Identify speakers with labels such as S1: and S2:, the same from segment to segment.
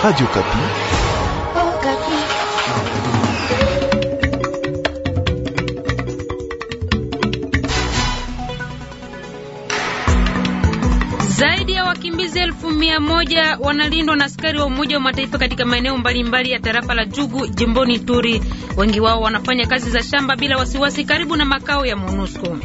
S1: Radio Kapi.
S2: Oh, Kapi.
S3: Zaidi ya wakimbizi elfu mia moja wanalindwa na askari wa Umoja wa Mataifa katika maeneo mbalimbali ya tarafa la Jugu jimboni Turi. Wengi wao wanafanya kazi za shamba bila wasiwasi karibu na makao ya MONUSCO.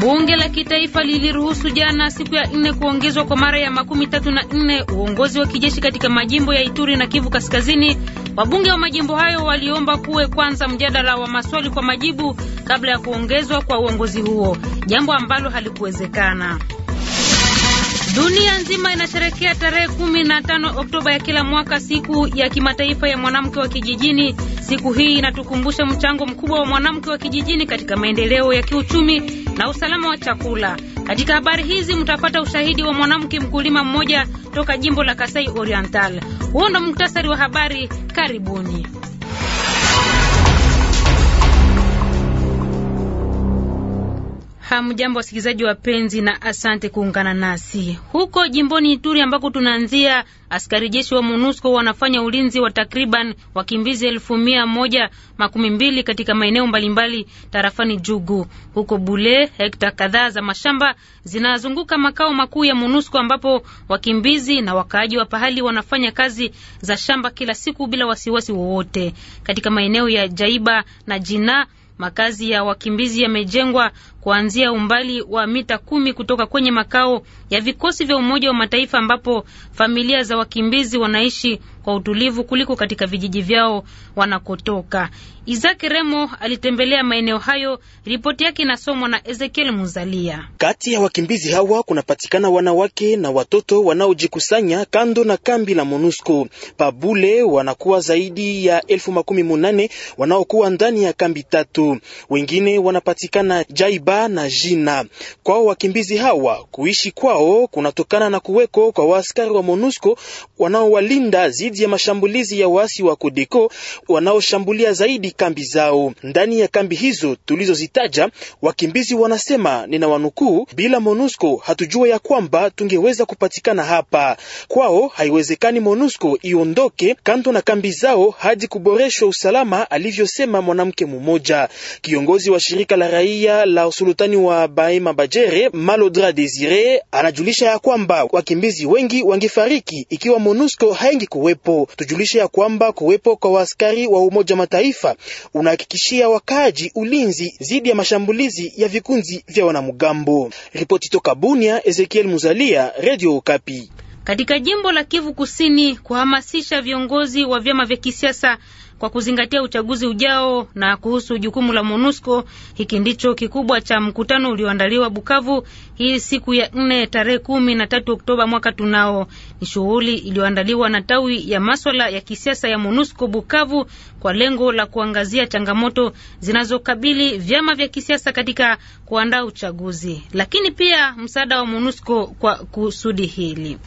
S3: Bunge la kitaifa liliruhusu jana siku ya nne kuongezwa kwa mara ya makumi tatu na nne uongozi wa kijeshi katika majimbo ya Ituri na Kivu Kaskazini. Wabunge wa majimbo hayo waliomba kuwe kwanza mjadala wa maswali kwa majibu kabla ya kuongezwa kwa uongozi huo, jambo ambalo halikuwezekana. Dunia nzima inasherekea tarehe 15 Oktoba ya kila mwaka, siku ya kimataifa ya mwanamke wa kijijini. Siku hii inatukumbusha mchango mkubwa wa mwanamke wa kijijini katika maendeleo ya kiuchumi na usalama wa chakula. Katika habari hizi mtapata ushahidi wa mwanamke mkulima mmoja toka jimbo la Kasai Oriental. Huo ndo muktasari wa habari. Karibuni. Hamjambo wasikilizaji wapenzi, na asante kuungana nasi huko jimboni Ituri ambako tunaanzia. Askari jeshi wa MONUSCO wanafanya ulinzi wa takriban wakimbizi elfu mia moja makumi mbili katika maeneo mbalimbali tarafani Jugu. Huko Bule, hekta kadhaa za mashamba zinazunguka makao makuu ya MONUSCO ambapo wakimbizi na wakaaji wa pahali wanafanya kazi za shamba kila siku bila wasiwasi wowote. Katika maeneo ya Jaiba na Jina Makazi ya wakimbizi yamejengwa kuanzia umbali wa mita kumi kutoka kwenye makao ya vikosi vya Umoja wa Mataifa ambapo familia za wakimbizi wanaishi kwa utulivu kuliko katika vijiji vyao wanakotoka. Isaac Remo alitembelea maeneo hayo, ripoti yake inasomwa na Ezekiel Muzalia.
S1: Kati ya wakimbizi hawa kunapatikana wanawake na watoto wanaojikusanya kando na kambi la MONUSCO Pabule. Wanakuwa zaidi ya elfu makumi munane wanaokuwa ndani ya kambi tatu, wengine wanapatikana Jaiba na Jina. Kwao wakimbizi hawa kuishi kwao kunatokana na kuweko kwa waaskari wa MONUSCO wanaowalinda zidi dhidi ya mashambulizi ya waasi wa Kodeko wanaoshambulia zaidi kambi zao. Ndani ya kambi hizo tulizozitaja, wakimbizi wanasema nina wanukuu, bila MONUSCO hatujua ya kwamba tungeweza kupatikana hapa kwao. Haiwezekani MONUSCO iondoke kando na kambi zao hadi kuboreshwa usalama, alivyosema mwanamke mmoja. Kiongozi wa shirika la raia la usultani wa Baema Bajere, Malodra Desire, anajulisha ya kwamba wakimbizi wengi wangefariki ikiwa MONUSCO haingi kuwepo hapo. Tujulishe ya kwamba kuwepo kwa waaskari wa Umoja Mataifa unahakikishia wakaaji ulinzi dhidi ya mashambulizi ya vikunzi vya wanamgambo. Ripoti toka Bunia, Ezekiel Muzalia, Radio Okapi.
S3: Katika jimbo la Kivu Kusini, kuhamasisha viongozi wa vyama vya kisiasa kwa kuzingatia uchaguzi ujao. Na kuhusu jukumu la MONUSCO, hiki ndicho kikubwa cha mkutano ulioandaliwa Bukavu hii siku ya nne tarehe kumi na tatu Oktoba mwaka tunao. Ni shughuli iliyoandaliwa na tawi ya maswala ya kisiasa ya MONUSCO Bukavu kwa lengo la kuangazia changamoto zinazokabili vyama vya kisiasa katika kuandaa uchaguzi, lakini pia msaada wa MONUSCO kwa kusudi hili.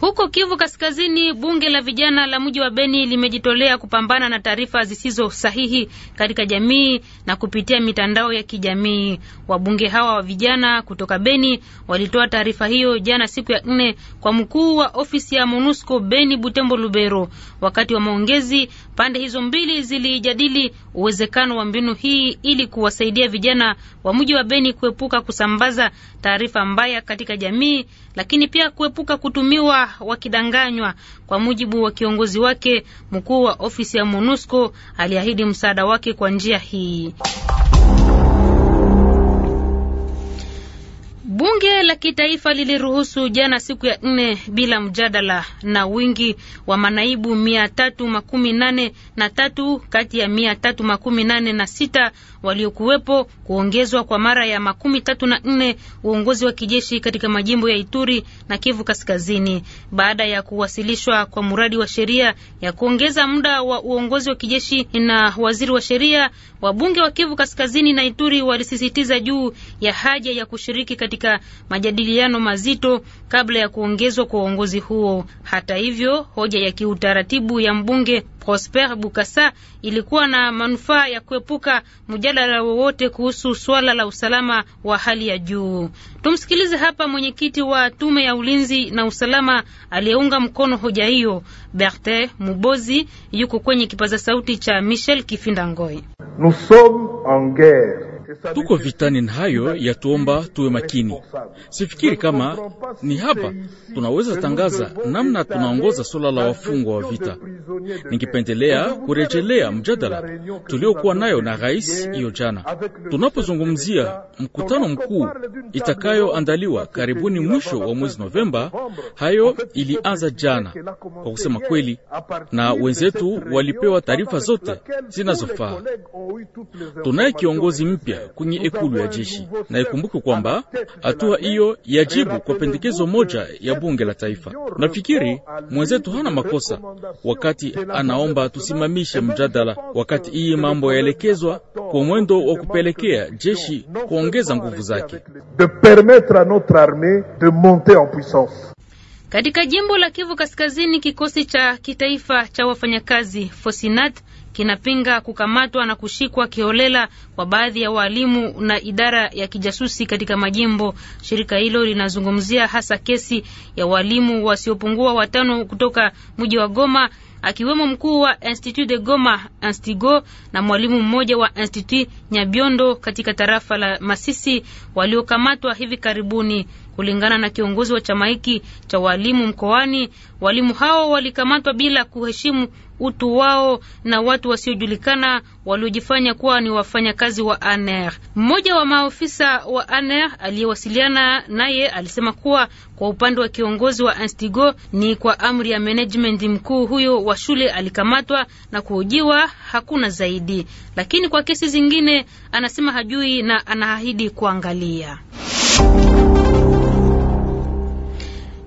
S3: Huko Kivu Kaskazini, bunge la vijana la mji wa Beni limejitolea kupambana na taarifa zisizo sahihi katika jamii na kupitia mitandao ya kijamii. Wabunge hawa wa vijana kutoka Beni walitoa taarifa hiyo jana siku ya nne kwa mkuu wa ofisi ya MONUSCO Beni, Butembo, Lubero. Wakati wa maongezi, pande hizo mbili zilijadili uwezekano wa mbinu hii ili kuwasaidia vijana wa mji wa Beni kuepuka kusambaza taarifa mbaya katika jamii, lakini pia kuepuka kutumiwa wakidanganywa. Kwa mujibu wa kiongozi wake, mkuu wa ofisi ya MONUSCO aliahidi msaada wake kwa njia hii. Bunge la kitaifa liliruhusu jana siku ya nne bila mjadala na wingi wa manaibu mia tatu makumi nane na tatu kati ya mia tatu makumi nane na sita waliokuwepo kuongezwa kwa mara ya makumi tatu na nne uongozi wa kijeshi katika majimbo ya Ituri na Kivu Kaskazini baada ya kuwasilishwa kwa mradi wa sheria ya kuongeza muda wa uongozi wa kijeshi na waziri wa sheria. Wabunge wa Kivu Kaskazini na Ituri walisisitiza juu ya haja ya kushiriki katika majadiliano mazito kabla ya kuongezwa kwa uongozi huo. Hata hivyo, hoja ya kiutaratibu ya mbunge Prosper Bukasa ilikuwa na manufaa ya kuepuka mjadala wowote kuhusu swala la usalama wa hali ya juu. Tumsikilize hapa mwenyekiti wa tume ya ulinzi na usalama aliyeunga mkono hoja hiyo, berte Mubozi, yuko kwenye kipaza sauti cha Michel Kifindangoi.
S4: Nous sommes en guerre Tuko vitani na hayo yatuomba tuwe makini. Sifikiri kama ni hapa tunaweza tangaza namna tunaongoza swala la wafungwa wa vita. Ningependelea kurejelea mjadala tuliokuwa nayo na rais hiyo jana, tunapozungumzia mkutano mkuu itakayoandaliwa karibuni mwisho wa mwezi Novemba. Hayo ilianza jana kwa kusema kweli, na wenzetu walipewa taarifa zote zinazofaa. Tunaye kiongozi mpya kwenye ekulu ya jeshi, na ikumbuke kwamba hatua hiyo yajibu kwa pendekezo moja ya bunge la taifa. Nafikiri mwenzetu hana makosa wakati anaomba tusimamishe mjadala wakati hii mambo yaelekezwa kwa mwendo wa kupelekea jeshi kuongeza nguvu zake.
S3: Katika jimbo la Kivu Kaskazini, kikosi cha kitaifa cha wafanyakazi Fosinat kinapinga kukamatwa na kushikwa kiholela kwa baadhi ya waalimu na idara ya kijasusi katika majimbo. Shirika hilo linazungumzia hasa kesi ya waalimu wasiopungua watano kutoka mji wa Goma akiwemo mkuu wa Institut de Goma Instigo na mwalimu mmoja wa Institut Nyabiondo katika tarafa la Masisi waliokamatwa hivi karibuni. Kulingana na kiongozi wa chama hiki cha walimu mkoani, walimu hao walikamatwa bila kuheshimu utu wao na watu wasiojulikana waliojifanya kuwa ni wafanyakazi wa ANER. Mmoja wa maofisa wa ANER aliyewasiliana naye alisema kuwa kwa upande wa kiongozi wa Instigo ni kwa amri ya management mkuu huyo wa shule alikamatwa na kuhojiwa, hakuna zaidi. Lakini kwa kesi zingine anasema hajui na anaahidi kuangalia.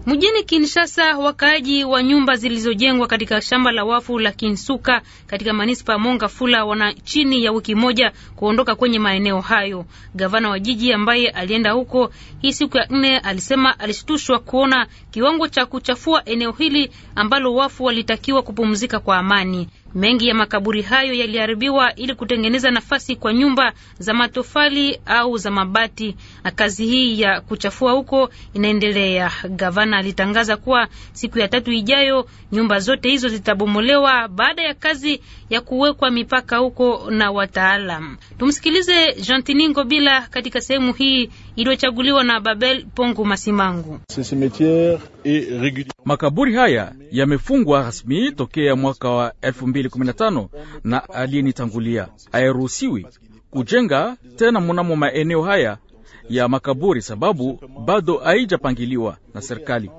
S3: Mjini Kinshasa, wakaaji wa nyumba zilizojengwa katika shamba la wafu la Kinsuka katika manispa monga fula wana chini ya wiki moja kuondoka kwenye maeneo hayo. Gavana wa jiji ambaye alienda huko hii siku ya nne alisema alishtushwa kuona kiwango cha kuchafua eneo hili ambalo wafu walitakiwa kupumzika kwa amani. Mengi ya makaburi hayo yaliharibiwa ili kutengeneza nafasi kwa nyumba za matofali au za mabati, na kazi hii ya kuchafua huko inaendelea. Gavana alitangaza kuwa siku ya tatu ijayo nyumba zote hizo zitabomolewa baada ya kazi ya kuwekwa mipaka huko na wataalam. Tumsikilize Jantini Ngobila bila katika sehemu hii iliyochaguliwa na Babel pongu Masimangu.
S4: Makaburi haya yamefungwa rasmi tokea mwaka wa elfu mbili 2015 na aliyenitangulia hairuhusiwi kujenga tena mnamo maeneo haya ya makaburi, sababu bado haijapangiliwa na serikali.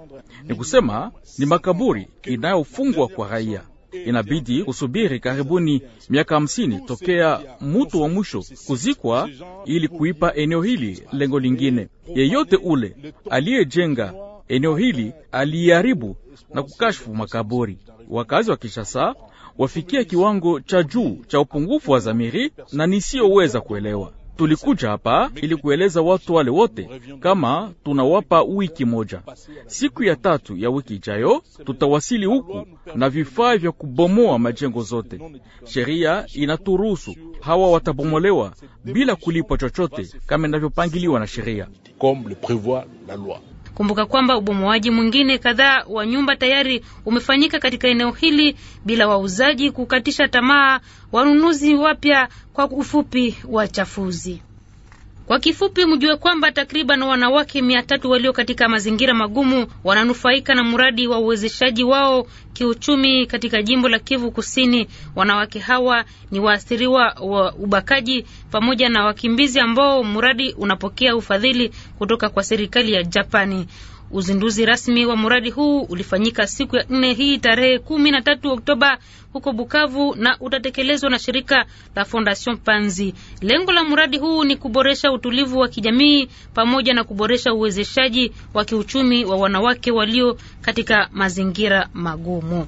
S4: Ni kusema ni makaburi inayofungwa kwa raia. Inabidi kusubiri karibuni miaka hamsini tokea mutu wa mwisho kuzikwa ili kuipa eneo hili lengo lingine. Yeyote ule aliyejenga eneo hili aliharibu na kukashfu makaburi. Wakazi wa Kinshasa wafikia kiwango cha juu cha upungufu wa zamiri na nisiyoweza kuelewa. Tulikuja hapa ili kueleza watu wale wote kama tunawapa wiki moja. Siku ya tatu ya wiki ijayo tutawasili huku na vifaa vya kubomoa majengo zote. Sheria inaturuhusu hawa watabomolewa bila kulipwa chochote kama inavyopangiliwa na sheria.
S3: Kumbuka kwamba ubomoaji mwingine kadhaa wa nyumba tayari umefanyika katika eneo hili bila wauzaji kukatisha tamaa wanunuzi wapya, kwa ufupi wachafuzi. Kwa kifupi, mjue kwamba takriban wanawake mia tatu walio katika mazingira magumu wananufaika na mradi wa uwezeshaji wao kiuchumi katika jimbo la Kivu Kusini. Wanawake hawa ni waathiriwa wa ubakaji pamoja na wakimbizi ambao mradi unapokea ufadhili kutoka kwa serikali ya Japani. Uzinduzi rasmi wa mradi huu ulifanyika siku ya nne hii tarehe kumi na tatu Oktoba huko Bukavu na utatekelezwa na shirika la Fondation Panzi. Lengo la mradi huu ni kuboresha utulivu wa kijamii pamoja na kuboresha uwezeshaji wa kiuchumi wa wanawake walio katika mazingira magumu.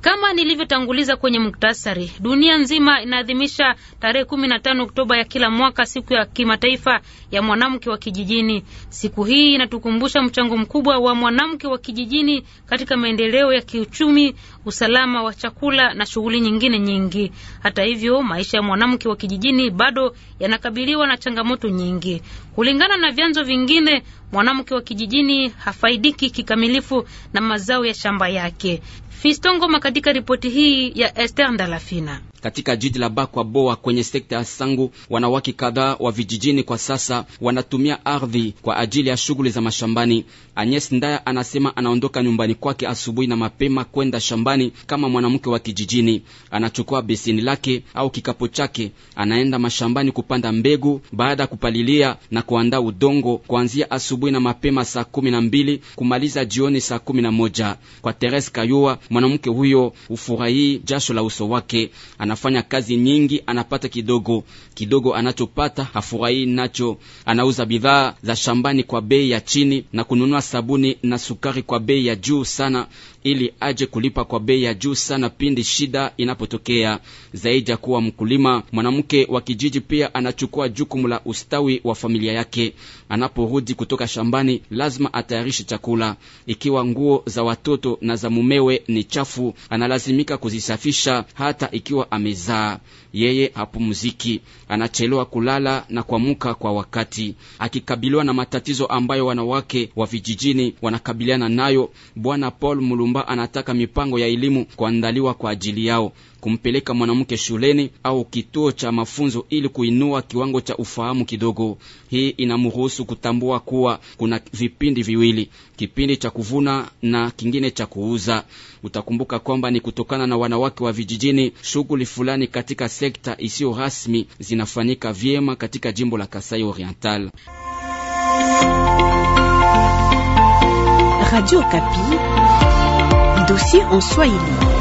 S3: Kama nilivyotanguliza kwenye muktasari, dunia nzima inaadhimisha tarehe 15 Oktoba ya kila mwaka siku ya kimataifa ya mwanamke wa kijijini. Siku hii inatukumbusha mchango mkubwa wa mwanamke wa kijijini katika maendeleo ya kiuchumi, usalama wa chakula na shughuli nyingine nyingi. Hata hivyo, maisha ya mwanamke wa kijijini bado yanakabiliwa na changamoto nyingi. Kulingana na vyanzo vingine, mwanamke wa kijijini hafaidiki kikamilifu na mazao ya shamba yake. Fiston Ngoma katika ripoti hii ya Esther Ndalafina.
S5: Katika jiji la Bakwa Boa kwenye sekta ya Sangu, wanawake kadhaa wa vijijini kwa sasa wanatumia ardhi kwa ajili ya shughuli za mashambani. Agnes Ndaya anasema anaondoka nyumbani kwake asubuhi na mapema kwenda shambani kama mwanamke wa kijijini. Anachukua beseni lake au kikapo chake, anaenda mashambani kupanda mbegu, baada ya kupalilia na kuandaa udongo kuanzia asubuhi na mapema saa kumi na mbili kumaliza jioni saa kumi na moja. Kwa Teres Kayua, mwanamke huyo hufurahii jasho la uso wake Ana anafanya kazi nyingi, anapata kidogo kidogo, anachopata hafurahi nacho. Anauza bidhaa za shambani kwa bei ya chini na kununua sabuni na sukari kwa bei ya juu sana ili aje kulipa kwa bei ya juu sana pindi shida inapotokea. Zaidi ya kuwa mkulima, mwanamke wa kijiji pia anachukua jukumu la ustawi wa familia yake. Anaporudi kutoka shambani, lazima atayarishe chakula. Ikiwa nguo za watoto na za mumewe ni chafu, analazimika kuzisafisha, hata ikiwa amezaa. Yeye hapumziki, anachelewa kulala na kuamka kwa wakati, akikabiliwa na matatizo ambayo wanawake wa vijijini wanakabiliana nayo. Bwana Paul Mulum Komba anataka mipango ya elimu kuandaliwa kwa ajili yao, kumpeleka mwanamke shuleni au kituo cha mafunzo ili kuinua kiwango cha ufahamu kidogo. Hii inamruhusu kutambua kuwa kuna vipindi viwili, kipindi cha kuvuna na kingine cha kuuza. Utakumbuka kwamba ni kutokana na wanawake wa vijijini, shughuli fulani katika sekta isiyo rasmi zinafanyika vyema katika jimbo la Kasai Oriental.
S2: Radio Kapi. dossier en Swahili.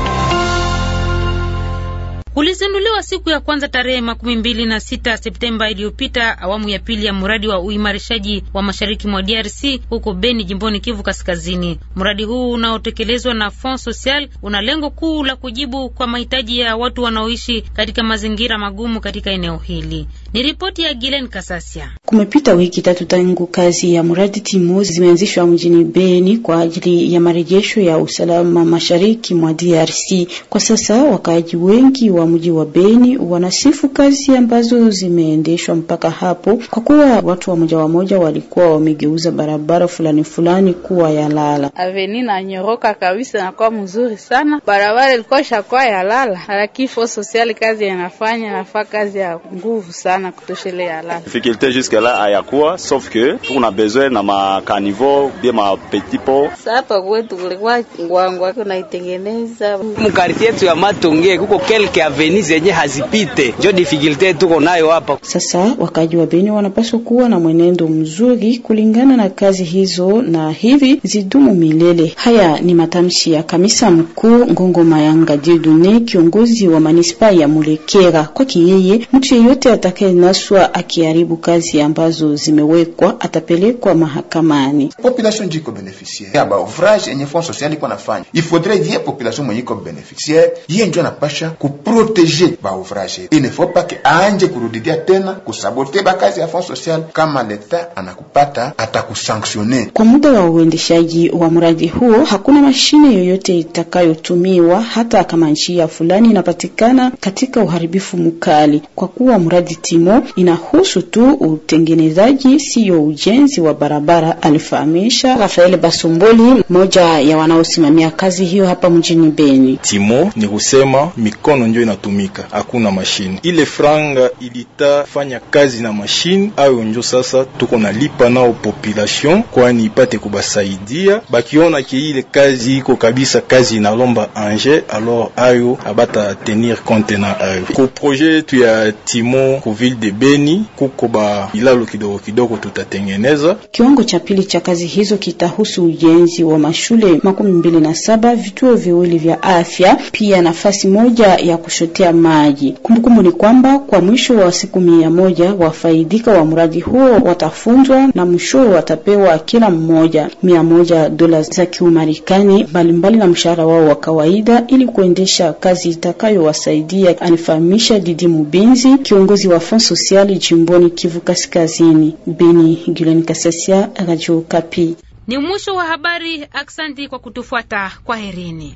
S3: Ulizinduliwa siku ya kwanza tarehe makumi mbili na sita Septemba iliyopita awamu ya pili ya mradi wa uimarishaji wa mashariki mwa DRC huko Beni, jimboni Kivu Kaskazini. Mradi huu unaotekelezwa na Fonds Social una lengo kuu la kujibu kwa mahitaji ya watu wanaoishi katika mazingira magumu katika eneo hili. Ni ripoti ya Gilen Kasasia.
S2: Kumepita wiki tatu tangu kazi ya mradi timu zimeanzishwa mjini Beni kwa ajili ya marejesho ya usalama mashariki mwa DRC. Kwa sasa wakaaji wengi wa wa mji wa Beni wanasifu kazi ambazo zimeendeshwa mpaka hapo, kwa kuwa watu wa moja wa moja walikuwa wamegeuza barabara fulani fulani kuwa ya lala. Aveni na nyoroka kabisa inakuwa mzuri sana, barabara ilikuwa shakuwa ya lala, lakini fo sosiali kazi yanafanya nafaa kazi ya nguvu sana kutoshele ya lala.
S5: Difficulté jusque là hayakuwa sauf que tuna besoin na makanivo bien ma petit pot.
S3: Sasa kwetu kulikuwa ngwangwa kunaitengeneza
S5: mkartie yetu ya matonge kuko kelke aveni zenye hazipite, njo
S2: difikulte tuko nayo hapa sasa. Wakaji wa Beni wanapaswa kuwa na mwenendo mzuri kulingana na kazi hizo, na hivi zidumu milele. Haya ni matamshi ya kamisa mkuu Ngongo Mayanga Dieudonne, kiongozi wa manispaa ya Mulekera. Kwake yeye, mtu yeyote atakayenaswa akiharibu kazi ambazo zimewekwa atapelekwa mahakamani. Population jiko
S5: beneficiaire ya baouvrage enye fond social iko nafanya, ifaudrait population mwenye iko beneficiaire, yeye njo anapasha kupru proteje baouvrager. Inafaa pake aanje kurudidia tena kusabote bakazi ya fond social, kama leta anakupata atakusanktione.
S2: Kwa muda wa uendeshaji wa mradi huo, hakuna mashine yoyote itakayotumiwa hata kama njia fulani inapatikana katika uharibifu mkali, kwa kuwa mradi timo inahusu tu utengenezaji, siyo ujenzi wa barabara, alifahamisha Rafael Basumboli, mmoja ya wanaosimamia kazi hiyo hapa mjini Beni. Timo ni kusema mikono ndio inatumika, hakuna mashine.
S5: Ile
S1: franga ilitafanya kazi na mashine ayo, njo sasa tuko nalipa nao population, kwani ipate kubasaidia. Bakiona ke ile kazi iko kabisa, kazi inalomba anje, alors ayo abata tenir compte na ayo. Ku projet yetu ya timo ku ville de Beni kuko ba ilalo kidogo kidogo tutatengeneza.
S2: Kiwango cha pili cha kazi hizo kitahusu ujenzi wa mashule makumi mbili na saba, vituo viwili vya afya, pia nafasi moja ya kush kuchotea maji. Kumbukumbu ni kwamba kwa mwisho wa siku mia moja wafaidika wa mradi huo watafunzwa na mwishowe watapewa kila mmoja mia moja dola za Kiumarekani mbalimbali na mshahara wao wa kawaida ili kuendesha kazi itakayowasaidia, alifahamisha Didi Mubinzi, kiongozi wa Fond Sociali jimboni Kivu Kaskazini. Beni Gilani Kasasia, Radio Kapi.
S3: Ni mwisho wa habari. Aksanti kwa kutufuata. herini.